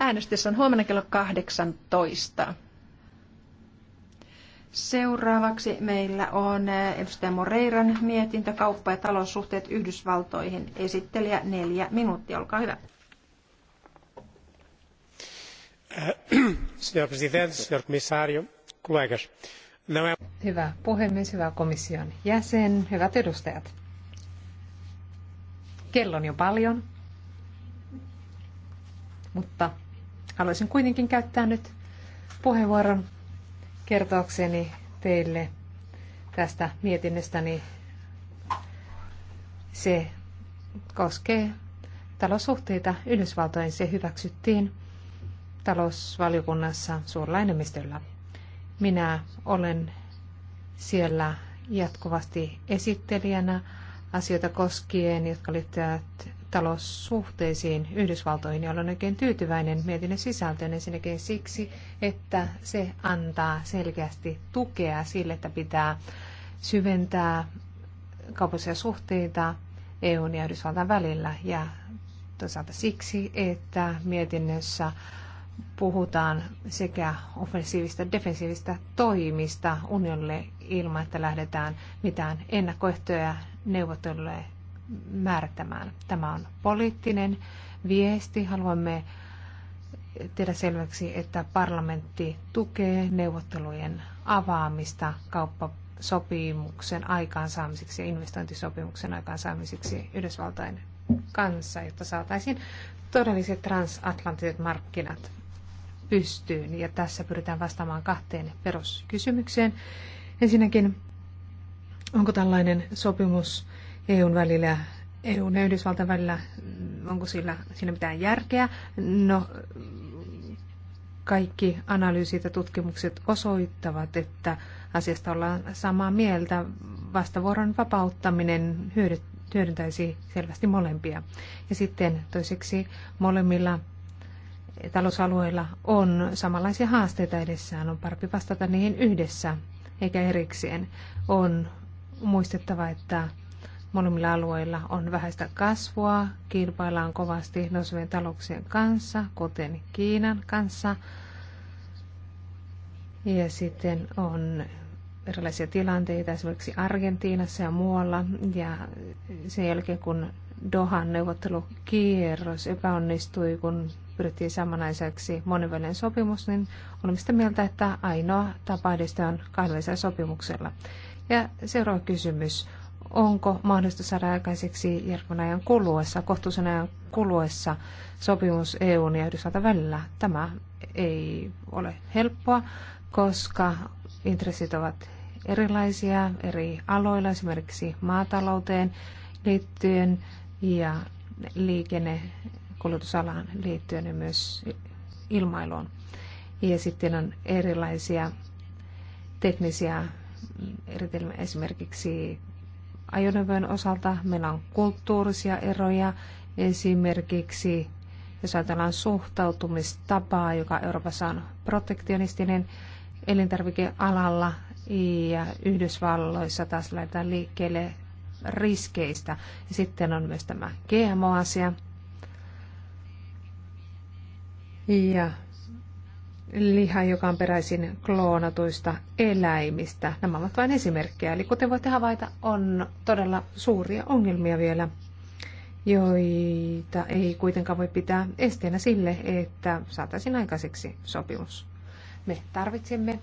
Äänestys on huomenna kello 18. Seuraavaksi meillä on eh, edustaja Moreiran mietintö kauppa- ja taloussuhteet Yhdysvaltoihin. Esittelijä neljä minuuttia, olkaa hyvä. Äh, señor presidente, señor comisario, colegas. Hyvä puhemies, hyvä komission jäsen, hyvät edustajat. Kello on jo paljon mutta haluaisin kuitenkin käyttää nyt puheenvuoron kertoakseni teille tästä mietinnöstäni. Se koskee taloussuhteita Yhdysvaltojen Se hyväksyttiin talousvaliokunnassa suurella enemmistöllä. Minä olen siellä jatkuvasti esittelijänä asioita koskien, jotka liittyvät taloussuhteisiin Yhdysvaltoihin, ja olen oikein tyytyväinen mietinnön sisältöön ensinnäkin siksi, että se antaa selkeästi tukea sille, että pitää syventää kaupallisia suhteita EUn ja Yhdysvaltain välillä ja toisaalta siksi, että mietinnössä puhutaan sekä offensiivista että defensiivistä toimista unionille ilman, että lähdetään mitään ennakkoehtoja neuvotteluille määrittämään. Tämä on poliittinen viesti. Haluamme tehdä selväksi, että parlamentti tukee neuvottelujen avaamista kauppasopimuksen aikaansaamiseksi ja investointisopimuksen aikaansaamiseksi Yhdysvaltain kanssa, jotta saataisiin todelliset transatlanttiset markkinat pystyyn. Ja tässä pyritään vastaamaan kahteen peruskysymykseen. Ensinnäkin, onko tällainen sopimus EUn välillä EUn ja Yhdysvaltain välillä, onko sillä, siinä mitään järkeä? No, kaikki analyysit ja tutkimukset osoittavat, että asiasta ollaan samaa mieltä. Vastavuoron vapauttaminen hyödyttäisi selvästi molempia. Ja sitten toiseksi molemmilla talousalueilla on samanlaisia haasteita edessään. On parempi vastata niihin yhdessä eikä erikseen. On muistettava, että molemmilla alueilla on vähäistä kasvua, kilpaillaan kovasti nousevien talouksien kanssa, kuten Kiinan kanssa. Ja sitten on erilaisia tilanteita esimerkiksi Argentiinassa ja muualla. Ja sen jälkeen kun Dohan neuvottelukierros epäonnistui, kun pyrittiin samanaiseksi monenvälinen sopimus, niin olemme sitä mieltä, että ainoa tapa edistää on kahdellisella sopimuksella. Ja seuraava kysymys onko mahdollista saada aikaiseksi järkevän ajan kuluessa, kohtuullisen ajan kuluessa sopimus EUn ja Yhdysvaltain välillä. Tämä ei ole helppoa, koska intressit ovat erilaisia eri aloilla, esimerkiksi maatalouteen liittyen ja liikennekulutusalaan liittyen ja myös ilmailuun. Ja sitten on erilaisia teknisiä eritelmiä, esimerkiksi ajoneuvojen osalta meillä on kulttuurisia eroja, esimerkiksi jos ajatellaan suhtautumistapaa, joka Euroopassa on protektionistinen elintarvikealalla ja Yhdysvalloissa taas lähdetään liikkeelle riskeistä. Ja sitten on myös tämä GMO-asia. Ja liha, joka on peräisin kloonatuista eläimistä. Nämä ovat vain esimerkkejä. Eli kuten voitte havaita, on todella suuria ongelmia vielä, joita ei kuitenkaan voi pitää esteenä sille, että saataisiin aikaiseksi sopimus. Me tarvitsemme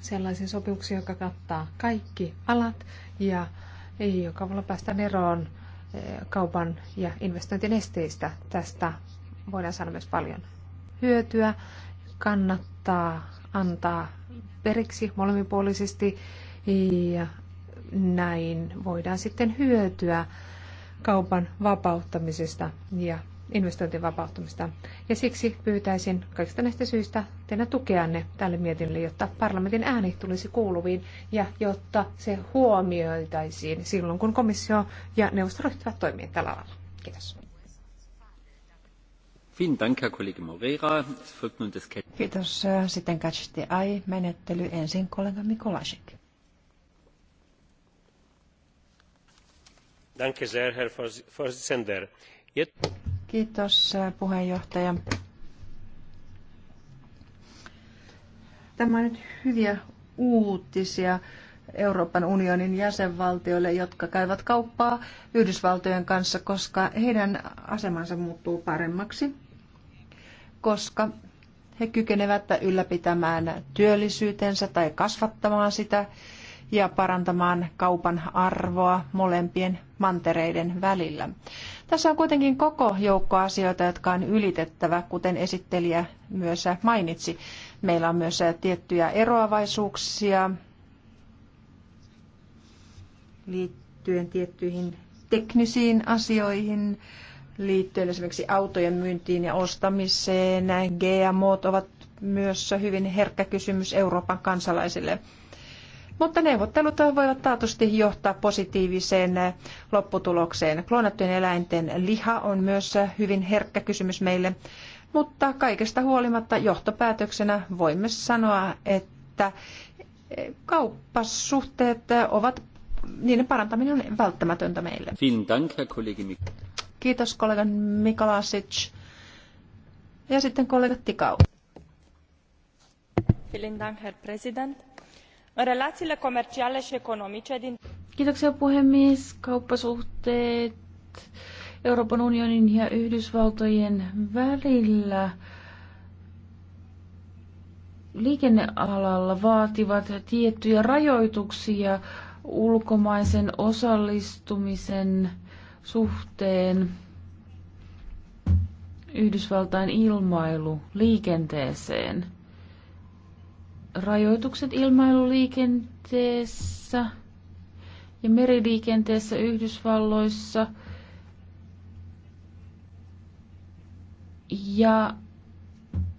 sellaisen sopimuksen, joka kattaa kaikki alat ja ei joka voi päästä eroon eh, kaupan ja investointien esteistä. Tästä voidaan saada myös paljon hyötyä kannattaa antaa periksi molemminpuolisesti ja näin voidaan sitten hyötyä kaupan vapauttamisesta ja investointien vapauttamista. Ja siksi pyytäisin kaikista näistä syistä teidän tukeanne tälle mietinnölle, jotta parlamentin ääni tulisi kuuluviin ja jotta se huomioitaisiin silloin, kun komissio ja neuvosto ryhtyvät toimiin tällä alalla. Kiitos. Kiitos. Äh, sitten catch the menettely Ensin kollega Mikolasik. Kiitos äh, puheenjohtaja. Tämä on nyt hyviä uutisia Euroopan unionin jäsenvaltioille, jotka käyvät kauppaa Yhdysvaltojen kanssa, koska heidän asemansa muuttuu paremmaksi koska he kykenevät ylläpitämään työllisyytensä tai kasvattamaan sitä ja parantamaan kaupan arvoa molempien mantereiden välillä. Tässä on kuitenkin koko joukko asioita, jotka on ylitettävä, kuten esittelijä myös mainitsi. Meillä on myös tiettyjä eroavaisuuksia liittyen tiettyihin teknisiin asioihin, liittyen esimerkiksi autojen myyntiin ja ostamiseen. GMO ovat myös hyvin herkkä kysymys Euroopan kansalaisille. Mutta neuvottelut voivat taatusti johtaa positiiviseen lopputulokseen. Kloonattujen eläinten liha on myös hyvin herkkä kysymys meille, mutta kaikesta huolimatta johtopäätöksenä voimme sanoa, että kauppasuhteet ovat, niiden parantaminen on välttämätöntä meille. Kiitos kollega Mikolasic. Ja sitten kollega Tikau. Kiitoksia puhemies. Kauppasuhteet Euroopan unionin ja Yhdysvaltojen välillä liikennealalla vaativat tiettyjä rajoituksia ulkomaisen osallistumisen suhteen Yhdysvaltain ilmailu liikenteeseen. Rajoitukset ilmailuliikenteessä ja meriliikenteessä Yhdysvalloissa ja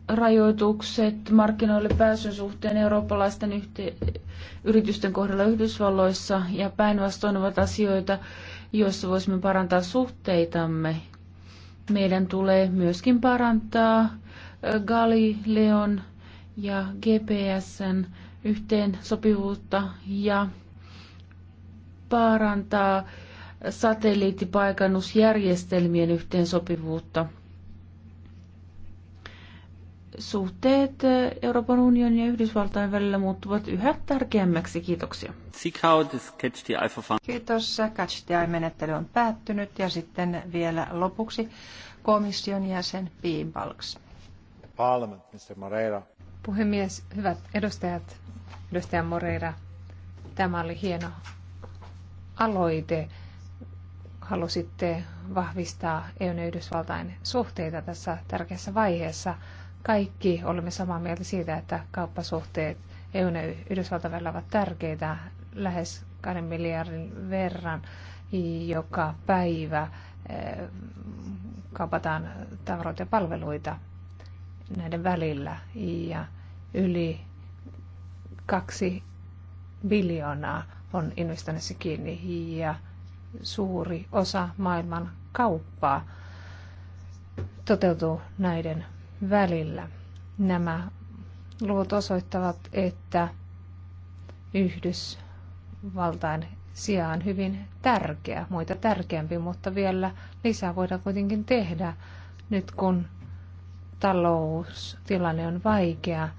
rajoitukset markkinoille pääsyn suhteen eurooppalaisten yhte- yritysten kohdalla Yhdysvalloissa ja päinvastoin ovat asioita, joissa voisimme parantaa suhteitamme. Meidän tulee myöskin parantaa Galileon ja GPSn yhteen sopivuutta ja parantaa satelliittipaikannusjärjestelmien yhteensopivuutta suhteet eh, Euroopan unionin ja Yhdysvaltain välillä muuttuvat yhä tärkeämmäksi. Kiitoksia. Kiitos. Catch the menettely on päättynyt ja sitten vielä lopuksi komission jäsen Piibalks. Parliament, Mr. Moreira. Puhemies, hyvät edustajat, edustaja Moreira, tämä oli hieno aloite halusitte vahvistaa eu Yhdysvaltain suhteita tässä tärkeässä vaiheessa kaikki olemme samaa mieltä siitä, että kauppasuhteet EUn ja Yhdysvaltain välillä ovat tärkeitä lähes kahden miljardin verran joka päivä eh, kaupataan tavaroita ja palveluita näiden välillä ja yli kaksi biljoonaa on investoinnissa kiinni ja suuri osa maailman kauppaa toteutuu näiden välillä. Nämä luvut osoittavat, että Yhdysvaltain sijaan hyvin tärkeä, muita tärkeämpi, mutta vielä lisää voidaan kuitenkin tehdä nyt kun taloustilanne on vaikea.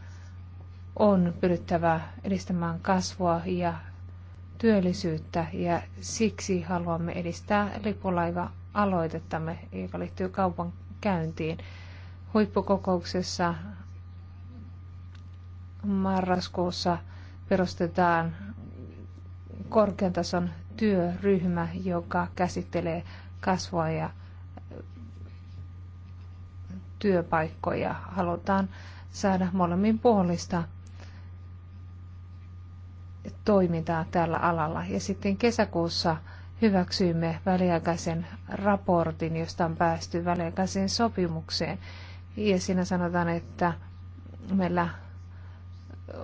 On pyrittävä edistämään kasvua ja työllisyyttä ja siksi haluamme edistää lipulaiva-aloitettamme, joka liittyy kaupan käyntiin huippukokouksessa marraskuussa perustetaan korkean tason työryhmä, joka käsittelee kasvua ja työpaikkoja. Halutaan saada molemmin puolista toimintaa tällä alalla. Ja sitten kesäkuussa hyväksyimme väliaikaisen raportin, josta on päästy väliaikaiseen sopimukseen. Ja siinä sanotaan, että meillä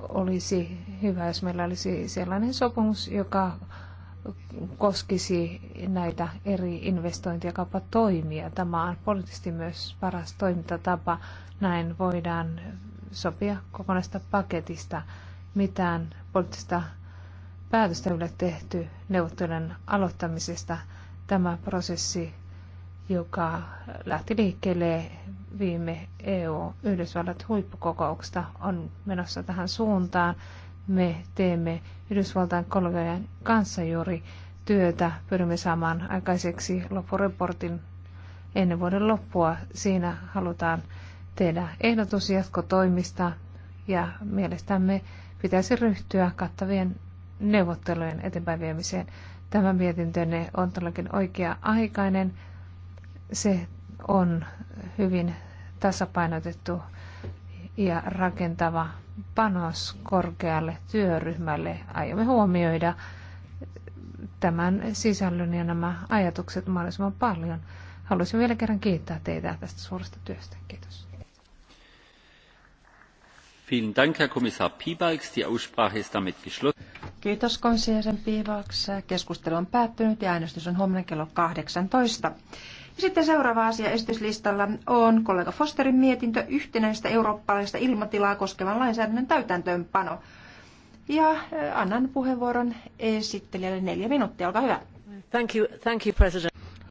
olisi hyvä, jos meillä olisi sellainen sopimus, joka koskisi näitä eri investointi- ja kauppatoimia. Tämä on poliittisesti myös paras toimintatapa. Näin voidaan sopia kokonaista paketista. Mitään poliittista päätöstä ei ole tehty neuvottelujen aloittamisesta. Tämä prosessi, joka lähti liikkeelle viime EU-Yhdysvallat huippukokouksesta on menossa tähän suuntaan. Me teemme Yhdysvaltain kollegojen kanssa juuri työtä. Pyrimme saamaan aikaiseksi loppureportin ennen vuoden loppua. Siinä halutaan tehdä ehdotus jatkotoimista ja mielestämme pitäisi ryhtyä kattavien neuvottelujen eteenpäin viemiseen. Tämä mietintönne on todellakin oikea-aikainen. Se on hyvin tasapainotettu ja rakentava panos korkealle työryhmälle. Aiomme huomioida tämän sisällön ja nämä ajatukset mahdollisimman paljon. Haluaisin vielä kerran kiittää teitä tästä suuresta työstä. Kiitos. Vielen Dank, Herr Kommissar Piebalgs. Die Aussprache ist damit geschlossen. Kiitos komission Piebalgs. Keskustelu on päättynyt ja äänestys on huomenna kello 18. Sitten seuraava asia esityslistalla on kollega Fosterin mietintö yhtenäistä eurooppalaista ilmatilaa koskevan lainsäädännön täytäntöönpano. Ja äh, annan puheenvuoron esittelijälle neljä minuuttia, olkaa hyvä. Thank you, thank you, president.